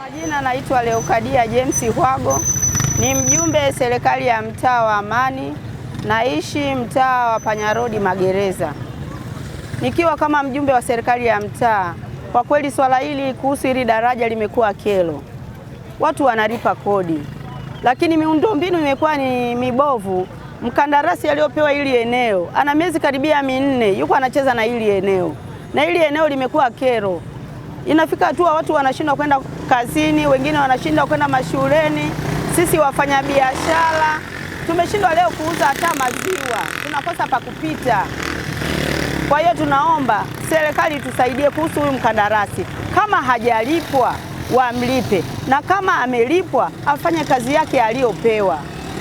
Majina naitwa Leokadia James Hwago, ni mjumbe serikali ya mtaa wa Amani Naishi mtaa wa Panyarodi Magereza, nikiwa kama mjumbe wa serikali ya mtaa. Kwa kweli swala hili kuhusu hili daraja limekuwa kero, watu wanalipa kodi, lakini miundombinu imekuwa ni mibovu. Mkandarasi aliyopewa hili eneo ana miezi karibia minne, yuko anacheza na hili eneo, na hili eneo limekuwa kero. Inafika hatua watu wanashindwa kwenda kazini, wengine wanashindwa kwenda mashuleni. Sisi wafanyabiashara tumeshindwa leo kuuza hata maziwa, tunakosa pa kupita. Kwa hiyo tunaomba serikali tusaidie kuhusu huyu mkandarasi, kama hajalipwa wamlipe, na kama amelipwa afanye kazi yake aliyopewa.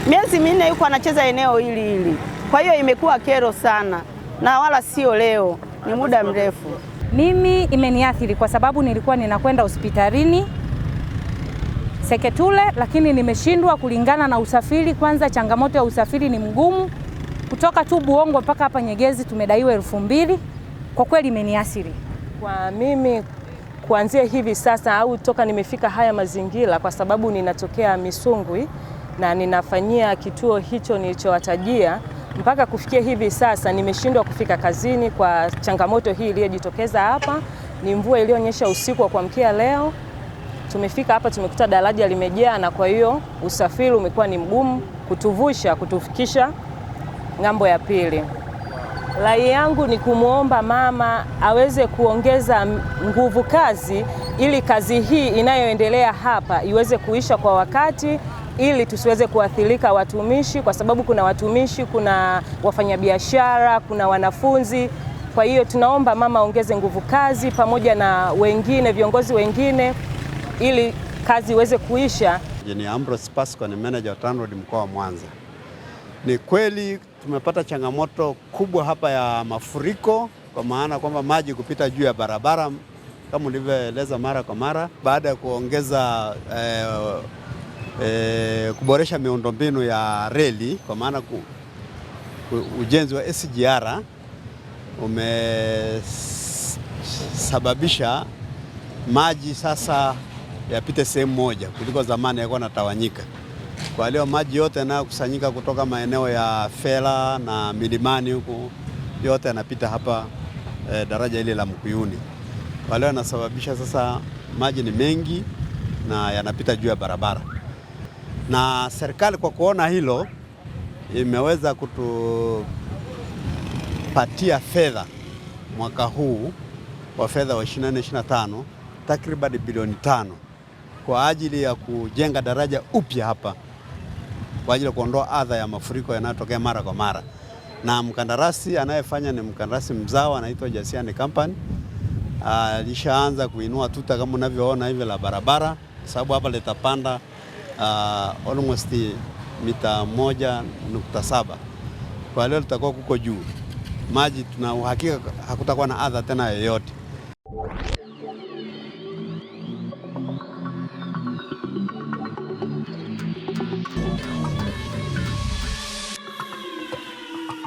Miezi minne yuko anacheza eneo hili hili, kwa hiyo imekuwa kero sana, na wala sio leo, ni muda mrefu. Mimi imeniathiri kwa sababu nilikuwa ninakwenda hospitalini Seketule, lakini nimeshindwa kulingana na usafiri. Kwanza changamoto ya usafiri ni mgumu, kutoka tu Buongo mpaka hapa Nyegezi tumedaiwa elfu mbili. Kwa kweli imeniasiri kwa mimi kuanzia hivi sasa au toka nimefika haya mazingira, kwa sababu ninatokea Misungwi na ninafanyia kituo hicho nilichowatajia mpaka kufikia hivi sasa nimeshindwa kufika kazini kwa changamoto hii iliyojitokeza hapa. Ni mvua iliyonyesha usiku wa kuamkia leo tumefika hapa tumekuta daraja limejaa, na kwa hiyo usafiri umekuwa ni mgumu kutuvusha kutufikisha ng'ambo ya pili. Rai yangu ni kumwomba mama aweze kuongeza nguvu kazi ili kazi hii inayoendelea hapa iweze kuisha kwa wakati ili tusiweze kuathirika watumishi, kwa sababu kuna watumishi, kuna wafanyabiashara, kuna wanafunzi. Kwa hiyo tunaomba mama aongeze nguvu kazi pamoja na wengine viongozi wengine ili kazi iweze kuisha. Ni Ambrose Pasco, ni manager wa TANROADS mkoa wa Mwanza. Ni kweli tumepata changamoto kubwa hapa ya mafuriko, kwa maana kwamba maji kupita juu ya barabara kama ulivyoeleza mara kwa mara, baada ya kuongeza eh, eh, kuboresha miundombinu ya reli kwa maana ku, ku, ujenzi wa SGR umesababisha maji sasa yapite sehemu moja kuliko zamani yalikuwa yanatawanyika. Kwa leo maji yote yanayokusanyika kutoka maeneo ya Fela na milimani huku yote yanapita hapa e, daraja hili la Mkuyuni. Kwa leo yanasababisha sasa maji ni mengi na yanapita juu ya barabara, na serikali kwa kuona hilo imeweza kutupatia fedha mwaka huu wa fedha wa 24 25 takriban bilioni tano kwa ajili ya kujenga daraja upya hapa kwa ajili ya kuondoa adha ya mafuriko yanayotokea mara kwa mara, na mkandarasi anayefanya ni mkandarasi mzawa anaitwa Jasiani Company. Alishaanza kuinua tuta kama unavyoona hivi la barabara, sababu hapa litapanda uh, almost mita moja nukta saba kwa leo litakuwa kuko juu maji, tuna uhakika hakutakuwa na adha tena yoyote.